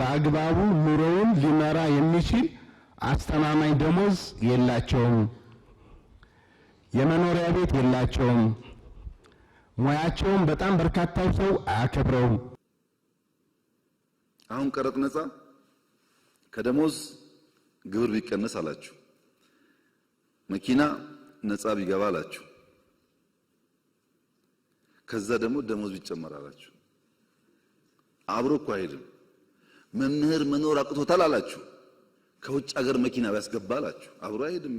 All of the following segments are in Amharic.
በአግባቡ ኑሮውን ሊመራ የሚችል አስተማማኝ ደሞዝ የላቸውም። የመኖሪያ ቤት የላቸውም። ሙያቸውም በጣም በርካታው ሰው አያከብረውም። አሁን ቀረጥ ነጻ ከደሞዝ ግብር ቢቀነስ አላችሁ፣ መኪና ነጻ ቢገባ አላችሁ፣ ከዛ ደግሞ ደሞዝ ቢጨመር አላችሁ። አብሮ እኮ አይሄድም። መምህር መኖር አቅቶታል አላችሁ። ከውጭ ሀገር መኪና ያስገባ አላችሁ። አብሮ አይሄድም።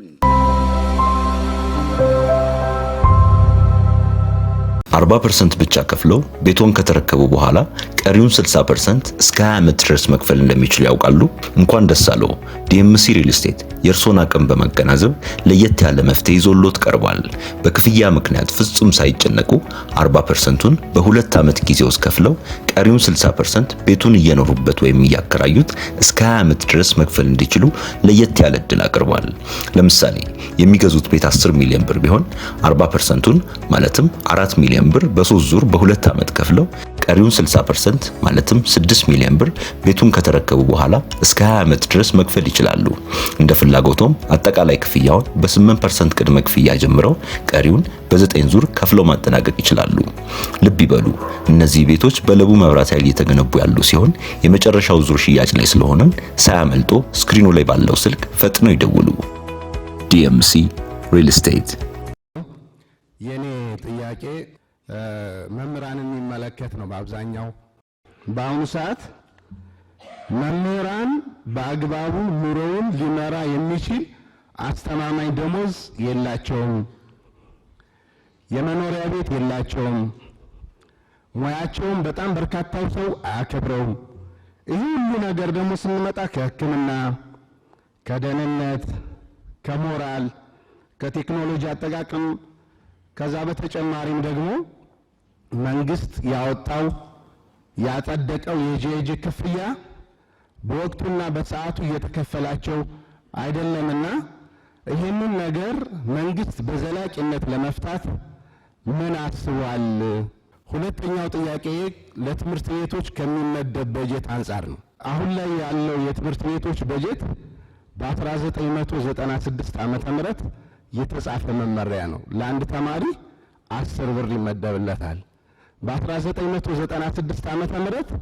40% ብቻ ከፍለው ቤቶን ከተረከቡ በኋላ ቀሪውን 60% እስከ 20 ዓመት ድረስ መክፈል እንደሚችሉ ያውቃሉ? እንኳን ደስ አለው። ዲኤምሲ ሪል ስቴት የእርሶን አቅም በመገናዘብ ለየት ያለ መፍትሄ ይዞሎት ቀርቧል። በክፍያ ምክንያት ፍጹም ሳይጨነቁ 40%ቱን በሁለት ዓመት ጊዜ ውስጥ ከፍለው ቀሪውን 60% ቤቱን እየኖሩበት ወይም እያከራዩት እስከ 20 ዓመት ድረስ መክፈል እንዲችሉ ለየት ያለ እድል አቅርቧል። ለምሳሌ የሚገዙት ቤት 10 ሚሊዮን ብር ቢሆን 40%ቱን ማለትም 4 ሚሊዮን ሚሊዮን ብር በሶስት ዙር በሁለት ዓመት ከፍለው ቀሪውን 60% ማለትም 6 ሚሊዮን ብር ቤቱን ከተረከቡ በኋላ እስከ 20 ዓመት ድረስ መክፈል ይችላሉ። እንደ ፍላጎቶም አጠቃላይ ክፍያውን በ8% ቅድመ ክፍያ ጀምረው ቀሪውን በ9 ዙር ከፍለው ማጠናቀቅ ይችላሉ። ልብ ይበሉ፣ እነዚህ ቤቶች በለቡ መብራት ኃይል እየተገነቡ ያሉ ሲሆን የመጨረሻው ዙር ሽያጭ ላይ ስለሆነ ሳያመልጦ ስክሪኑ ላይ ባለው ስልክ ፈጥነው ይደውሉ። ዲኤምሲ ሪል ስቴት የኔ ጥያቄ መምህራንን የሚመለከት ነው በአብዛኛው። በአሁኑ ሰዓት መምህራን በአግባቡ ኑሮውን ሊመራ የሚችል አስተማማኝ ደሞዝ የላቸውም። የመኖሪያ ቤት የላቸውም። ሙያቸውም በጣም በርካታው ሰው አያከብረውም። ይህ ሁሉ ነገር ደግሞ ስንመጣ ከሕክምና፣ ከደህንነት፣ ከሞራል፣ ከቴክኖሎጂ አጠቃቀም ከዛ በተጨማሪም ደግሞ መንግስት ያወጣው ያጸደቀው የጄጄ ክፍያ በወቅቱና በሰዓቱ እየተከፈላቸው አይደለምና ይህንን ነገር መንግስት በዘላቂነት ለመፍታት ምን አስቧል? ሁለተኛው ጥያቄ ለትምህርት ቤቶች ከሚመደብ በጀት አንጻር ነው። አሁን ላይ ያለው የትምህርት ቤቶች በጀት በ1996 ዓ ም የተጻፈ መመሪያ ነው። ለአንድ ተማሪ አስር ብር ይመደብለታል። በ1996 ዓ ም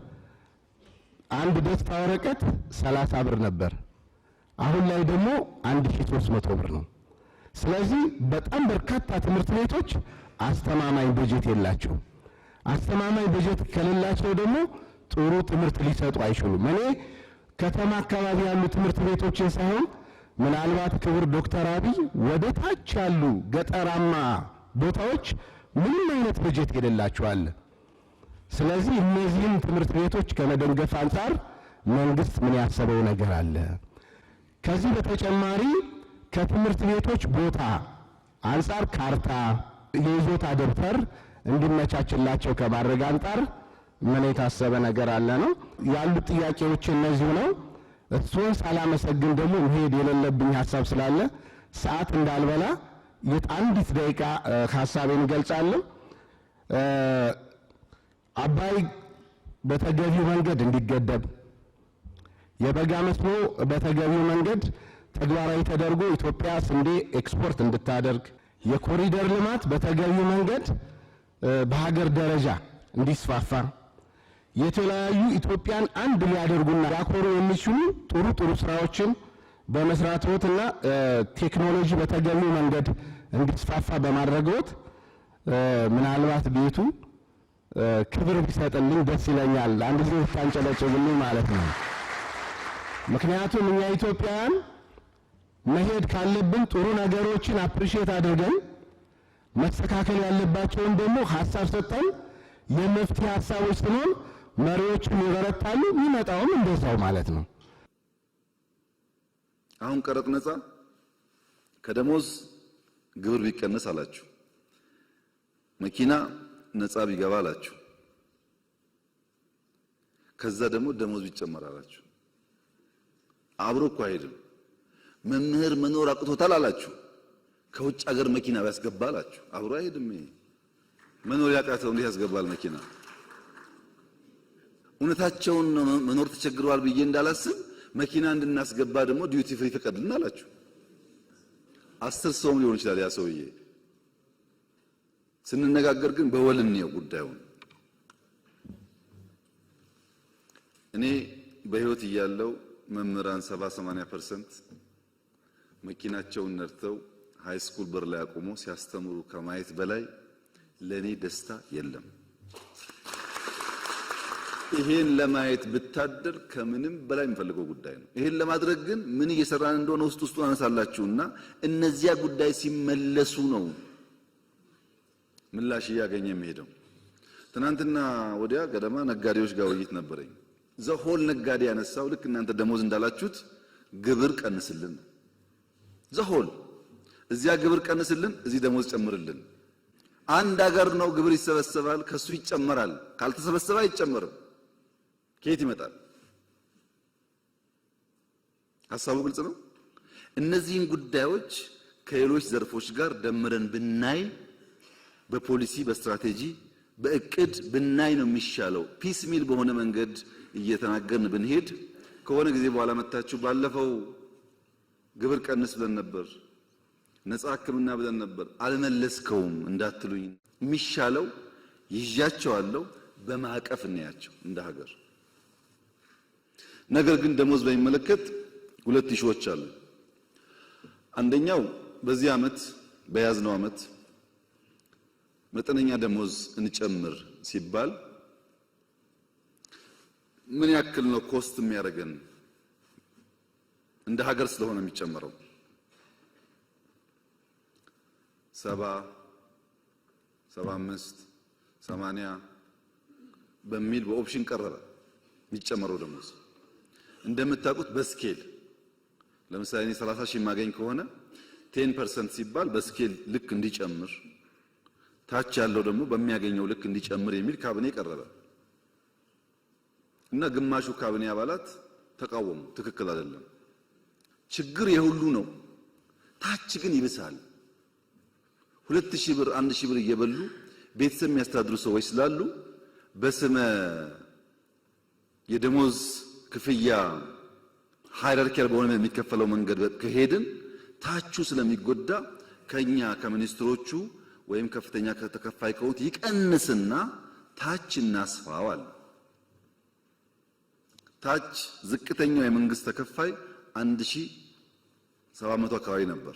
አንድ ደስታ ወረቀት 30 ብር ነበር። አሁን ላይ ደግሞ 1300 ብር ነው። ስለዚህ በጣም በርካታ ትምህርት ቤቶች አስተማማኝ በጀት የላቸው። አስተማማኝ በጀት ከሌላቸው ደግሞ ጥሩ ትምህርት ሊሰጡ አይችሉም። እኔ ከተማ አካባቢ ያሉ ትምህርት ቤቶችን ሳይሆን ምናልባት ክቡር ዶክተር አብይ ወደ ታች ያሉ ገጠራማ ቦታዎች ምንም አይነት በጀት የሌላቸዋል። ስለዚህ እነዚህም ትምህርት ቤቶች ከመደንገፍ አንጻር መንግስት ምን ያሰበው ነገር አለ? ከዚህ በተጨማሪ ከትምህርት ቤቶች ቦታ አንጻር ካርታ፣ የይዞታ ደብተር እንዲመቻችላቸው ከማድረግ አንጻር ምን የታሰበ ነገር አለ ነው ያሉት ጥያቄዎች እነዚሁ ነው። እሱን ሳላመሰግን ደግሞ መሄድ የሌለብኝ ሀሳብ ስላለ ሰዓት እንዳልበላ አንዲት ደቂቃ ሀሳቤን እገልጻለሁ። አባይ በተገቢው መንገድ እንዲገደብ የበጋ መስኖ በተገቢው መንገድ ተግባራዊ ተደርጎ ኢትዮጵያ ስንዴ ኤክስፖርት እንድታደርግ የኮሪደር ልማት በተገቢው መንገድ በሀገር ደረጃ እንዲስፋፋ የተለያዩ ኢትዮጵያን አንድ ሊያደርጉና ሊያኮሩ የሚችሉ ጥሩ ጥሩ ስራዎችን በመስራትዎት እና ቴክኖሎጂ በተገቢው መንገድ እንዲስፋፋ በማድረግዎት ምናልባት ቤቱ ክብር ቢሰጥልኝ ደስ ይለኛል። አንድ ጊዜ ታንጨለጭብልኝ ማለት ነው። ምክንያቱም እኛ ኢትዮጵያውያን መሄድ ካለብን ጥሩ ነገሮችን አፕሪሼት አድርገን መስተካከል ያለባቸውን ደግሞ ሀሳብ ሰጠን የመፍትሄ ሀሳቦች ስንሆን መሪዎችም ይበረታሉ፣ ይመጣውም እንደዛው ማለት ነው። አሁን ቀረጥ ነፃ ከደሞዝ ግብር ቢቀነስ አላችሁ። መኪና ነፃ ቢገባ አላችሁ። ከዛ ደግሞ ደሞዝ ቢጨመር አላችሁ። አብሮ እኮ አይሄድም። መምህር መኖር አቅቶታል አላችሁ። ከውጭ ሀገር መኪና ቢያስገባ አላችሁ። አብሮ አይሄድም። መኖር ያቃተው እንዴት ያስገባል መኪና? እውነታቸውን ነው መኖር ተቸግረዋል ብዬ እንዳላስብ መኪና እንድናስገባ ደግሞ ዲዩቲ ፍሪ ፈቀድልን አላችሁ። አስር ሰውም ሊሆን ይችላል ያ ሰውዬ። ስንነጋገር ግን በወል እንየው ጉዳዩን። እኔ በህይወት እያለው መምህራን 70 80% መኪናቸውን ነድተው ሃይ ስኩል በር ላይ አቁሞ ሲያስተምሩ ከማየት በላይ ለኔ ደስታ የለም። ይሄን ለማየት ብታደር ከምንም በላይ የሚፈልገው ጉዳይ ነው። ይሄን ለማድረግ ግን ምን እየሰራን እንደሆነ ውስጥ ውስጡን አነሳላችሁና እነዚያ ጉዳይ ሲመለሱ ነው ምላሽ እያገኘ የሚሄደው። ትናንትና ወዲያ ገደማ ነጋዴዎች ጋር ውይይት ነበረኝ። ዘሆል ነጋዴ ያነሳው ልክ እናንተ ደሞዝ እንዳላችሁት ግብር ቀንስልን፣ ዘሆል እዚያ ግብር ቀንስልን፣ እዚህ ደሞዝ ጨምርልን። አንድ ሀገር ነው ግብር ይሰበሰባል፣ ከሱ ይጨመራል፣ ካልተሰበሰበ አይጨመርም። ከየት ይመጣል? ሀሳቡ ግልጽ ነው። እነዚህን ጉዳዮች ከሌሎች ዘርፎች ጋር ደምረን ብናይ በፖሊሲ በስትራቴጂ በእቅድ ብናይ ነው የሚሻለው። ፒስ ሚል በሆነ መንገድ እየተናገርን ብንሄድ ከሆነ ጊዜ በኋላ መታችሁ ባለፈው ግብር ቀንስ ብለን ነበር፣ ነፃ ሕክምና ብለን ነበር፣ አልመለስከውም እንዳትሉኝ የሚሻለው ይዣቸዋለሁ በማዕቀፍ እናያቸው እንደ ሀገር ነገር ግን ደሞዝ በሚመለከት ሁለት ሺዎች አሉ። አንደኛው በዚህ ዓመት በያዝነው ዓመት መጠነኛ ደሞዝ እንጨምር ሲባል ምን ያክል ነው ኮስት የሚያደርገን? እንደ ሀገር ስለሆነ የሚጨመረው ሰባ ሰባ አምስት ሰማንያ በሚል በኦፕሽን ቀረበ የሚጨመረው ደሞዝ እንደምታውቁት በስኬል ለምሳሌ እኔ 30 ሺህ የማገኝ ከሆነ 10% ሲባል በስኬል ልክ እንዲጨምር ታች ያለው ደግሞ በሚያገኘው ልክ እንዲጨምር የሚል ካቢኔ ቀረበ እና ግማሹ ካቢኔ አባላት ተቃወሙ። ትክክል አይደለም፣ ችግር የሁሉ ነው፣ ታች ግን ይብሳል። ሁለት ሺህ ብር አንድ ሺህ ብር እየበሉ ቤተሰብ የሚያስተዳድሩ ሰዎች ስላሉ በስመ የደሞዝ ክፍያ ሃይራርኪያል በሆነ የሚከፈለው መንገድ ከሄድን ታቹ ስለሚጎዳ ከኛ ከሚኒስትሮቹ ወይም ከፍተኛ ከተከፋይ ከሆኑት ይቀንስና ታች እናስፋዋል። ታች ዝቅተኛው የመንግስት ተከፋይ 1700 አካባቢ ነበር።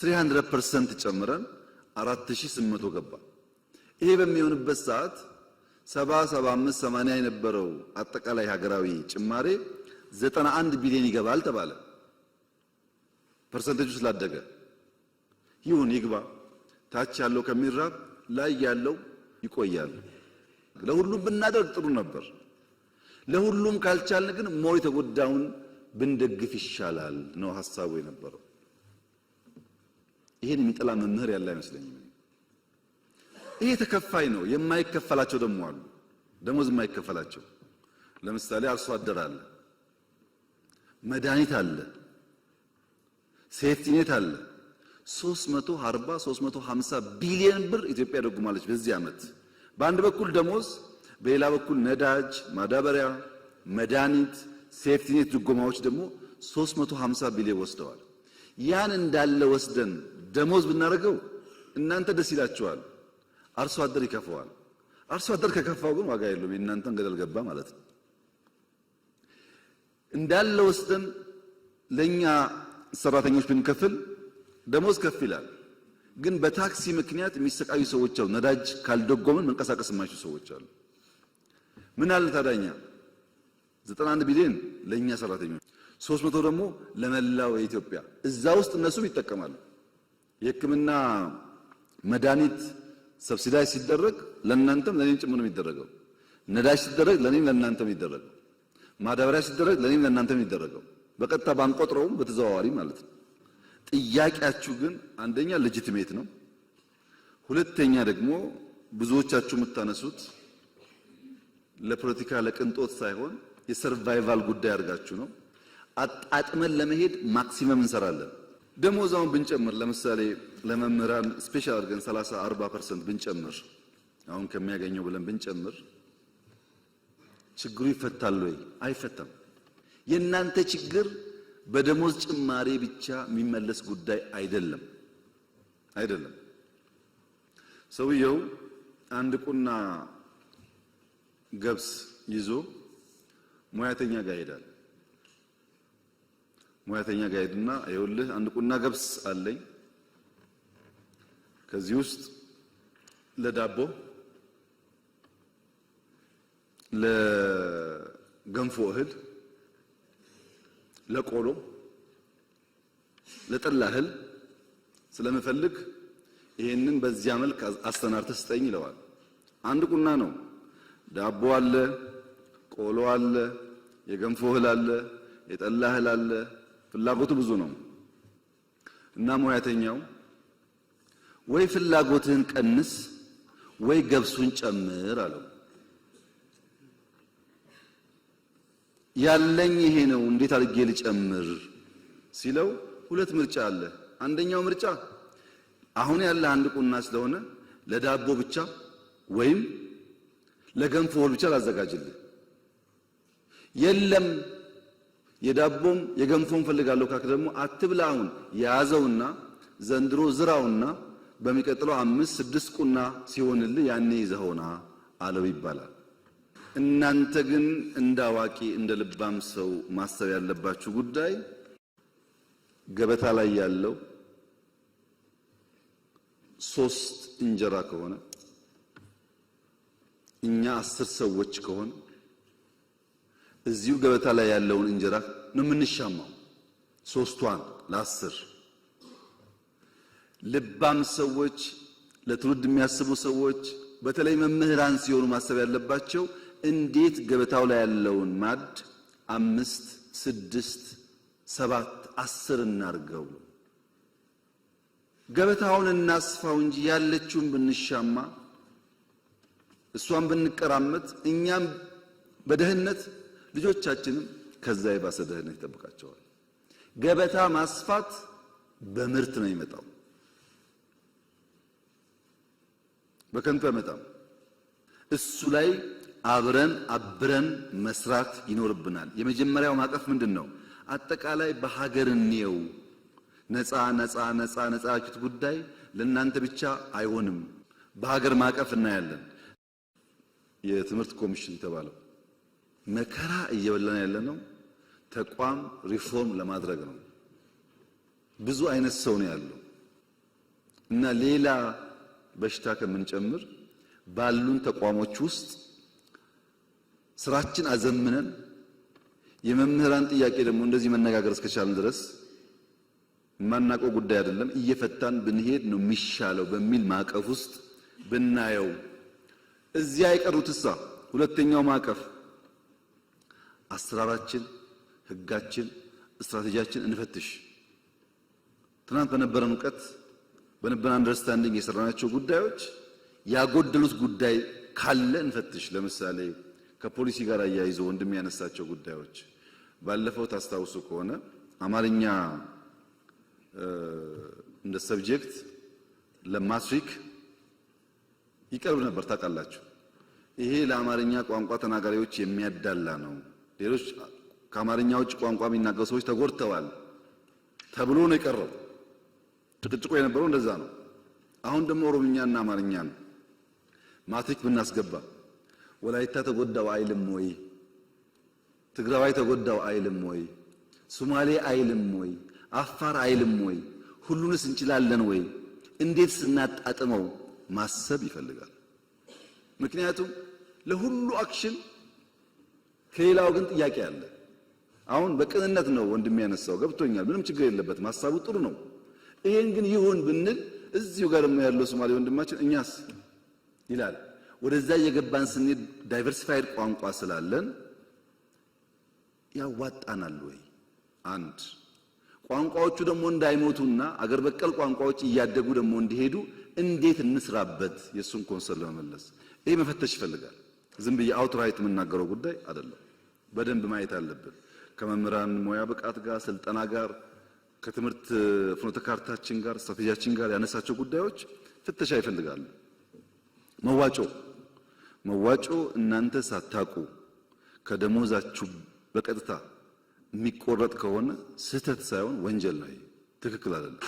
300% ጨምረን 4800 ገባ። ይሄ በሚሆንበት ሰዓት ሰባ አምስት 80 የነበረው አጠቃላይ ሀገራዊ ጭማሬ ዘጠና አንድ ቢሊዮን ይገባል ተባለ። ፐርሰንቴጁ ስላደገ ይሁን ይግባ። ታች ያለው ከሚራብ ላይ ያለው ይቆያል። ለሁሉም ብናደርግ ጥሩ ነበር። ለሁሉም ካልቻልን ግን ሞይ የተጎዳውን ብንደግፍ ይሻላል ነው ሀሳቡ የነበረው። ይህን የሚጠላ መምህር ያለ አይመስለኝም። ይሄ ተከፋይ ነው። የማይከፈላቸው ደግሞ አሉ፣ ደሞዝ የማይከፈላቸው ለምሳሌ አርሶ አደር አለ፣ መድኃኒት አለ፣ ሴፍቲኔት አለ። 340 350 ቢሊዮን ብር ኢትዮጵያ ደጉማለች በዚህ ዓመት። በአንድ በኩል ደሞዝ፣ በሌላ በኩል ነዳጅ፣ ማዳበሪያ፣ መድኃኒት፣ ሴፍቲኔት ድጎማዎች ደግሞ 350 ቢሊዮን ወስደዋል። ያን እንዳለ ወስደን ደሞዝ ብናደርገው እናንተ ደስ ይላችኋል። አርሶ አደር ይከፈዋል። አርሶ አደር ከከፋው ግን ዋጋ የለውም። የእናንተን ገደል ገባ ማለት ነው። እንዳለ ወስደን ለኛ ሰራተኞች ብንከፍል ደሞዝ ከፍ ይላል። ግን በታክሲ ምክንያት የሚሰቃዩ ሰዎች አሉ። ነዳጅ ካልደጎምን መንቀሳቀስ የማይችሉ ሰዎች አሉ። ምን አለ ታዳኛ 91 ቢሊዮን ለኛ ሰራተኞች፣ 300 ደግሞ ለመላው የኢትዮጵያ። እዛ ውስጥ እነሱም ይጠቀማሉ የሕክምና መድኃኒት ሰብሲዳይ ሲደረግ ለእናንተም ለኔም ጭምር የሚደረገው ነዳጅ ሲደረግ ለኔም ለእናንተም የሚደረገው ማዳበሪያ ሲደረግ ለኔም ለእናንተም የሚደረገው በቀጥታ ባንቆጥረውም በተዘዋዋሪ ማለት ነው። ጥያቄያችሁ ግን አንደኛ ልጅትሜት ነው። ሁለተኛ ደግሞ ብዙዎቻችሁ የምታነሱት ለፖለቲካ ለቅንጦት ሳይሆን የሰርቫይቫል ጉዳይ አድርጋችሁ ነው። አጣጥመን ለመሄድ ማክሲመም እንሰራለን። ደሞዛውን ብንጨምር ለምሳሌ ለመምህራን ስፔሻል አድርገን 30 40% ብንጨምር አሁን ከሚያገኘው ብለን ብንጨምር ችግሩ ይፈታል ወይ? አይፈታም። የእናንተ ችግር በደሞዝ ጭማሬ ብቻ የሚመለስ ጉዳይ አይደለም አይደለም። ሰውየው አንድ ቁና ገብስ ይዞ ሙያተኛ ጋር ይሄዳል። ሙያተኛ ጋር ሄድና ይኸውልህ አንድ ቁና ገብስ አለኝ ከዚህ ውስጥ ለዳቦ ለገንፎ እህል፣ ለቆሎ፣ ለጠላ እህል ስለምፈልግ ይሄንን በዚያ መልክ አስተናርተ ስጠኝ ይለዋል። አንድ ቁና ነው። ዳቦ አለ፣ ቆሎ አለ፣ የገንፎ እህል አለ፣ የጠላ እህል አለ ፍላጎቱ ብዙ ነው እና ሙያተኛው ወይ ፍላጎትህን ቀንስ ወይ ገብሱን ጨምር አለው። ያለኝ ይሄ ነው፣ እንዴት አድርጌ ልጨምር ሲለው ሁለት ምርጫ አለ። አንደኛው ምርጫ አሁን ያለ አንድ ቁና ስለሆነ ለዳቦ ብቻ ወይም ለገንፎ ብቻ ላዘጋጅልህ የለም የዳቦም የገንፎም ፈልጋለሁ ካክ ደግሞ አትብላውን ያዘውና ዘንድሮ ዝራውና በሚቀጥለው አምስት ስድስት ቁና ሲሆንልህ ያኔ ይዘኸውና አለው ይባላል። እናንተ ግን እንደ አዋቂ እንደ ልባም ሰው ማሰብ ያለባችሁ ጉዳይ ገበታ ላይ ያለው ሶስት እንጀራ ከሆነ እኛ አስር ሰዎች ከሆነ እዚሁ ገበታ ላይ ያለውን እንጀራ ነው የምንሻማው። ሶስቷን ለአስር ልባም ሰዎች፣ ለትውልድ የሚያስቡ ሰዎች በተለይ መምህራን ሲሆኑ ማሰብ ያለባቸው እንዴት ገበታው ላይ ያለውን ማድ አምስት፣ ስድስት፣ ሰባት፣ አስር እናርገው። ገበታውን እናስፋው እንጂ ያለችውን ብንሻማ እሷን ብንቀራመት እኛም በደህንነት ልጆቻችንም ከዛ የባሰ ደህንነት ይጠብቃቸዋል። ገበታ ማስፋት በምርት ነው የሚመጣው፣ በከንቱ አይመጣም። እሱ ላይ አብረን አብረን መስራት ይኖርብናል። የመጀመሪያው ማዕቀፍ ምንድን ነው? አጠቃላይ በሀገር እንየው። ነፃ ነፃ ነፃ ነፃ ያችሁት ጉዳይ ለእናንተ ብቻ አይሆንም። በሀገር ማዕቀፍ እናያለን። የትምህርት ኮሚሽን ተባለው መከራ እየበላን ያለነው ተቋም ሪፎርም ለማድረግ ነው። ብዙ አይነት ሰው ነው ያለው እና ሌላ በሽታ ከምንጨምር ባሉን ተቋሞች ውስጥ ስራችን አዘምነን የመምህራን ጥያቄ ደግሞ እንደዚህ መነጋገር እስከቻልን ድረስ የማናውቀው ጉዳይ አይደለም፣ እየፈታን ብንሄድ ነው የሚሻለው በሚል ማዕቀፍ ውስጥ ብናየው እዚያ የቀሩትሳ ሁለተኛው ማዕቀፍ አሰራራችን፣ ህጋችን፣ ስትራቴጂያችን እንፈትሽ። ትናንት በነበረን እውቀት በነበረን አንደርስታንዲንግ የሰራናቸው ጉዳዮች ያጎደሉት ጉዳይ ካለ እንፈትሽ። ለምሳሌ ከፖሊሲ ጋር አያይዞ ወንድም ያነሳቸው ጉዳዮች ባለፈው ታስታውሱ ከሆነ አማርኛ እንደ ሰብጀክት ለማትሪክ ይቀርብ ነበር ታውቃላችሁ። ይሄ ለአማርኛ ቋንቋ ተናጋሪዎች የሚያዳላ ነው ሌሎች ከአማርኛ ውጭ ቋንቋ የሚናገሩ ሰዎች ተጎድተዋል ተብሎ ነው የቀረው። ጭቅጭቁ የነበረው እንደዛ ነው። አሁን ደግሞ ኦሮምኛና አማርኛ ነው። ማትሪክ ብናስገባ ወላይታ ተጎዳው አይልም ወይ? ትግራዋይ ተጎዳው አይልም ወይ? ሶማሌ አይልም ወይ? አፋር አይልም ወይ? ሁሉንስ እንችላለን ወይ? እንዴት ስናጣጥመው ማሰብ ይፈልጋል። ምክንያቱም ለሁሉ አክሽን ከሌላው ግን ጥያቄ አለ። አሁን በቅንነት ነው ወንድም ያነሳው፣ ገብቶኛል። ምንም ችግር የለበትም፣ ሀሳቡ ጥሩ ነው። ይሄን ግን ይሁን ብንል እዚሁ ጋር ደግሞ ያለው ሶማሌ ወንድማችን እኛስ ይላል። ወደዛ እየገባን ስንሄድ ዳይቨርሲፋይድ ቋንቋ ስላለን ያዋጣናል ወይ? አንድ ቋንቋዎቹ ደግሞ እንዳይሞቱና አገር በቀል ቋንቋዎች እያደጉ ደግሞ እንዲሄዱ እንዴት እንስራበት? የእሱን ኮንሰል ለመመለስ ይሄ መፈተሽ ይፈልጋል። ዝም ብዬ አውትራይት የምናገረው ጉዳይ አይደለም። በደንብ ማየት አለብን። ከመምህራን ሙያ ብቃት ጋር፣ ስልጠና ጋር፣ ከትምህርት ፍኖተ ካርታችን ጋር፣ ስትራቴጂያችን ጋር ያነሳቸው ጉዳዮች ፍተሻ ይፈልጋሉ። መዋጮ መዋጮ እናንተ ሳታቁ ከደሞዛችሁ በቀጥታ የሚቆረጥ ከሆነ ስህተት ሳይሆን ወንጀል ነው። ትክክል አይደለም።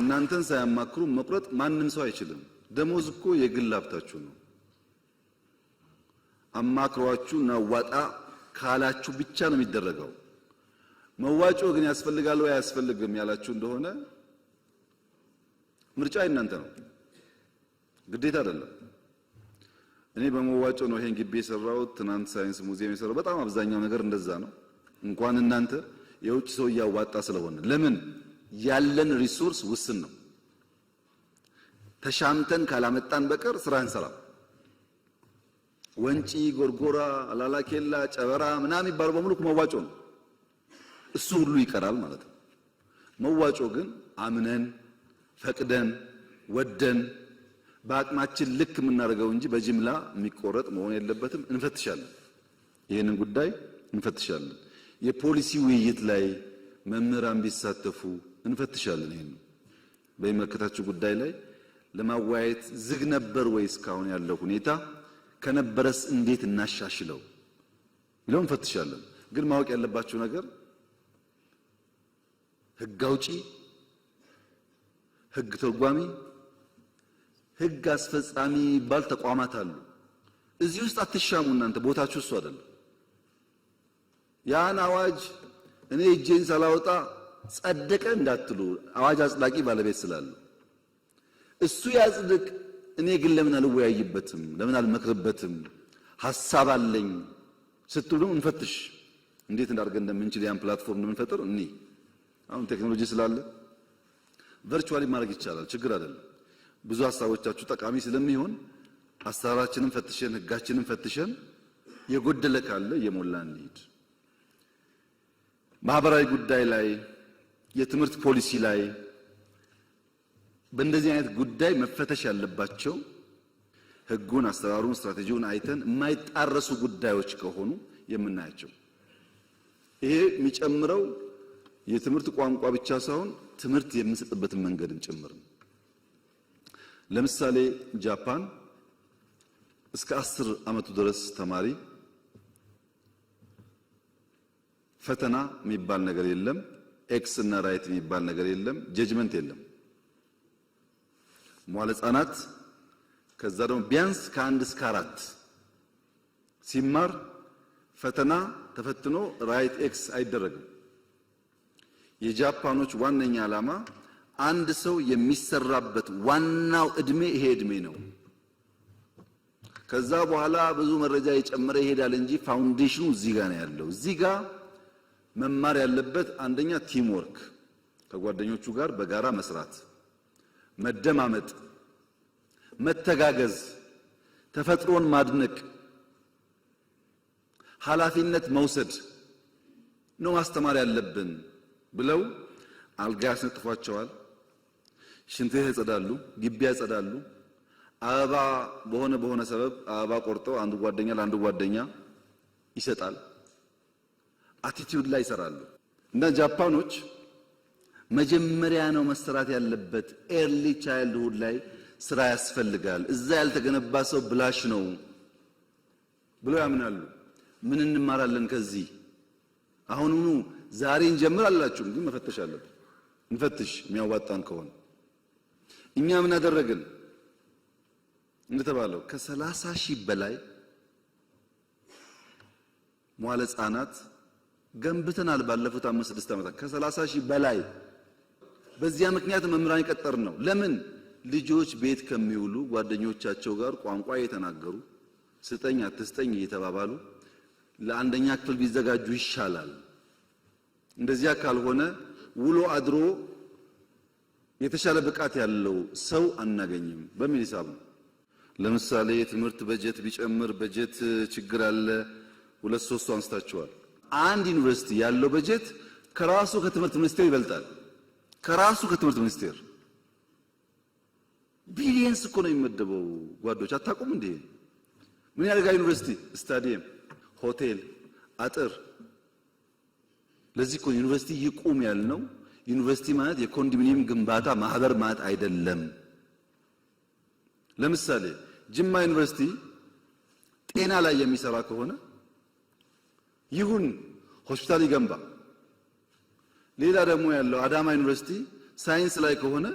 እናንተን ሳያማክሩ መቁረጥ ማንም ሰው አይችልም። ደሞዝ እኮ የግል ሀብታችሁ ነው። አማክሯችሁ እናዋጣ ካላችሁ ብቻ ነው የሚደረገው። መዋጮ ግን ያስፈልጋል ወይ አያስፈልግም ያላችሁ እንደሆነ ምርጫ እናንተ ነው፣ ግዴታ አይደለም። እኔ በመዋጮ ነው ይሄን ግቢ የሰራሁት፣ ትናንት ሳይንስ ሙዚየም የሰራው በጣም አብዛኛው ነገር እንደዛ ነው። እንኳን እናንተ የውጭ ሰው እያዋጣ ስለሆነ ለምን ያለን ሪሶርስ ውስን ነው። ተሻምተን ካላመጣን በቀር ስራ አንሰራም። ወንጪ፣ ጎርጎራ፣ ላላኬላ፣ ጨበራ ምናምን የሚባሉ በሙሉ መዋጮ ነው። እሱ ሁሉ ይቀራል ማለት ነው። መዋጮ ግን አምነን ፈቅደን ወደን በአቅማችን ልክ የምናደርገው እንጂ በጅምላ የሚቆረጥ መሆን የለበትም። እንፈትሻለን፣ ይህንን ጉዳይ እንፈትሻለን። የፖሊሲ ውይይት ላይ መምህራን ቢሳተፉ እንፈትሻለን። ይህን በሚመለከታችሁ ጉዳይ ላይ ለማወያየት ዝግ ነበር ወይ እስካሁን ያለው ሁኔታ ከነበረስ እንዴት እናሻሽለው ይለውን ፈትሻለን። ግን ማወቅ ያለባችሁ ነገር ህግ አውጪ፣ ህግ ተርጓሚ፣ ህግ አስፈጻሚ የሚባል ተቋማት አሉ። እዚህ ውስጥ አትሻሙ። እናንተ ቦታችሁ እሱ አይደለም። ያን አዋጅ እኔ እጄን ሳላወጣ ጸደቀ እንዳትሉ። አዋጅ አጽዳቂ ባለቤት ስላሉ እሱ ያጽድቅ እኔ ግን ለምን አልወያይበትም? ለምን አልመክርበትም? ሀሳብ አለኝ ስትሉ እንፈትሽ። እንዴት እንዳርገ እንደምንችል ያን ፕላትፎርም እንደምንፈጥር እኔ አሁን ቴክኖሎጂ ስላለ ቨርቹዋሊ ማድረግ ይቻላል። ችግር አይደለም። ብዙ ሀሳቦቻችሁ ጠቃሚ ስለሚሆን አሰራራችንን ፈትሸን ህጋችንን ፈትሸን የጎደለ ካለ እየሞላ እንሂድ። ማህበራዊ ጉዳይ ላይ የትምህርት ፖሊሲ ላይ በእንደዚህ አይነት ጉዳይ መፈተሽ ያለባቸው ህጉን፣ አሰራሩን፣ ስትራቴጂውን አይተን የማይጣረሱ ጉዳዮች ከሆኑ የምናያቸው ይሄ የሚጨምረው የትምህርት ቋንቋ ብቻ ሳይሆን ትምህርት የምንሰጥበትን መንገድም ጭምር ነው። ለምሳሌ ጃፓን እስከ አስር አመቱ ድረስ ተማሪ ፈተና የሚባል ነገር የለም። ኤክስ እና ራይት የሚባል ነገር የለም። ጀጅመንት የለም። መዋለ ህጻናት ከዛ ደግሞ ቢያንስ ከአንድ እስከ አራት ሲማር ፈተና ተፈትኖ ራይት ኤክስ አይደረግም። የጃፓኖች ዋነኛ ዓላማ አንድ ሰው የሚሰራበት ዋናው እድሜ ይሄ እድሜ ነው። ከዛ በኋላ ብዙ መረጃ የጨመረ ይሄዳል እንጂ ፋውንዴሽኑ እዚህ ጋር ነው ያለው። እዚህ ጋር መማር ያለበት አንደኛ ቲም ወርክ፣ ከጓደኞቹ ጋር በጋራ መስራት መደማመጥ፣ መተጋገዝ፣ ተፈጥሮን ማድነቅ፣ ኃላፊነት መውሰድ ነው ማስተማር ያለብን ብለው አልጋ ያስነጥፏቸዋል። ሽንት ቤት ያጸዳሉ፣ ግቢ ያጸዳሉ። አበባ በሆነ በሆነ ሰበብ አበባ ቆርጠው አንዱ ጓደኛ ለአንዱ ጓደኛ ይሰጣል። አቲቲዩድ ላይ ይሰራሉ እና ጃፓኖች መጀመሪያ ነው መሰራት ያለበት። ኤርሊ ሁድ ላይ ስራ ያስፈልጋል። እዛ ያልተገነባ ሰው ብላሽ ነው ብለው ያምናሉ። ምን እንማራለን ከዚህ? አሁኑኑ ዛሬ እንጀምር አላችሁም፣ ግን መፈተሽ አለብን። እንፈትሽ፣ የሚያዋጣን ከሆነ እኛ ምን አደረግን? እንደተባለው ከሰላሳ ሺህ በላይ መዋለ ሕጻናት ገንብተናል። ባለፉት አምስት ስድስት ዓመታት ከሰላሳ ሺህ በላይ በዚያ ምክንያት መምህራን የቀጠር ነው። ለምን ልጆች ቤት ከሚውሉ ጓደኞቻቸው ጋር ቋንቋ እየተናገሩ ስጠኝ አትስጠኝ እየተባባሉ ለአንደኛ ክፍል ቢዘጋጁ ይሻላል። እንደዚያ ካልሆነ ውሎ አድሮ የተሻለ ብቃት ያለው ሰው አናገኝም በሚል ሂሳብ ነው። ለምሳሌ የትምህርት በጀት ቢጨምር በጀት ችግር አለ። ሁለት ሶስቱ አንስታችኋል። አንድ ዩኒቨርሲቲ ያለው በጀት ከራሱ ከትምህርት ሚኒስቴር ይበልጣል። ከራሱ ከትምህርት ሚኒስቴር ቢሊየንስ እኮ ነው የሚመደበው። ጓዶች አታውቁም እንዴ? ምን ያደርጋል ዩኒቨርሲቲ? ስታዲየም፣ ሆቴል፣ አጥር። ለዚህ እኮ ዩኒቨርሲቲ ይቁም ያልነው። ዩኒቨርሲቲ ማለት የኮንዶሚኒየም ግንባታ ማህበር ማለት አይደለም። ለምሳሌ ጅማ ዩኒቨርሲቲ ጤና ላይ የሚሰራ ከሆነ ይሁን ሆስፒታል ይገንባ ሌላ ደግሞ ያለው አዳማ ዩኒቨርሲቲ ሳይንስ ላይ ከሆነ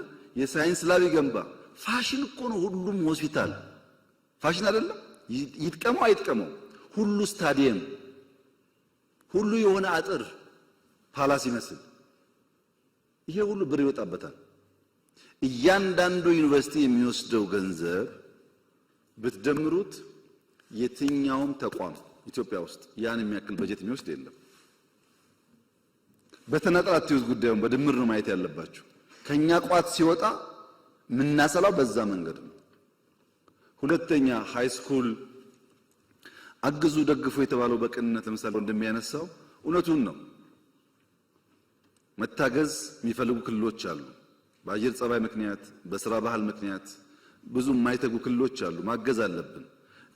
የሳይንስ ላብ ይገንባ። ፋሽን እኮ ነው ሁሉም ሆስፒታል ፋሽን አይደለም። ይጥቀመው አይጥቀመው፣ ሁሉ ስታዲየም፣ ሁሉ የሆነ አጥር ፓላስ ይመስል ይሄ ሁሉ ብር ይወጣበታል። እያንዳንዱ ዩኒቨርሲቲ የሚወስደው ገንዘብ ብትደምሩት የትኛውም ተቋም ኢትዮጵያ ውስጥ ያን የሚያክል በጀት የሚወስድ የለም። በተናጠል አትዩት ጉዳዩን በድምር ነው ማየት ያለባችሁ። ከኛ ቋት ሲወጣ የምናሰላው በዛ መንገድ ነው። ሁለተኛ ሃይስኩል አግዙ ደግፎ የተባለው በቅንነት ለምሳሌ እንደሚያነሳው እውነቱን ነው። መታገዝ የሚፈልጉ ክልሎች አሉ። በአየር ጸባይ ምክንያት፣ በስራ ባህል ምክንያት ብዙ የማይተጉ ክልሎች አሉ። ማገዝ አለብን።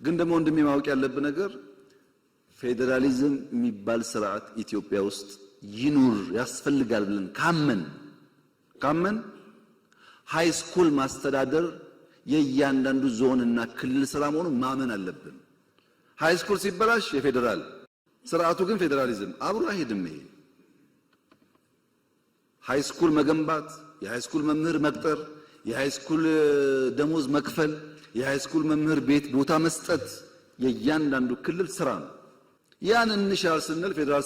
ግን ደግሞ ወንድሜ ማወቅ ያለብን ነገር ፌዴራሊዝም የሚባል ስርዓት ኢትዮጵያ ውስጥ ይኑር ያስፈልጋል ብለን ካመን ካመን ሃይ ስኩል ማስተዳደር የእያንዳንዱ ዞን እና ክልል ስራ መሆኑን ማመን አለብን። ሃይ ስኩል ሲበላሽ የፌዴራል ስርዓቱ ግን ፌዴራሊዝም አብሮ አይሄድም። ይሄ ሃይ ስኩል መገንባት፣ የሃይ ስኩል መምህር መቅጠር፣ የሃይ ስኩል ደሞዝ መክፈል፣ የሃይ ስኩል መምህር ቤት ቦታ መስጠት የእያንዳንዱ ክልል ስራ ነው። ያን እንሻል ስንል ፌዴራል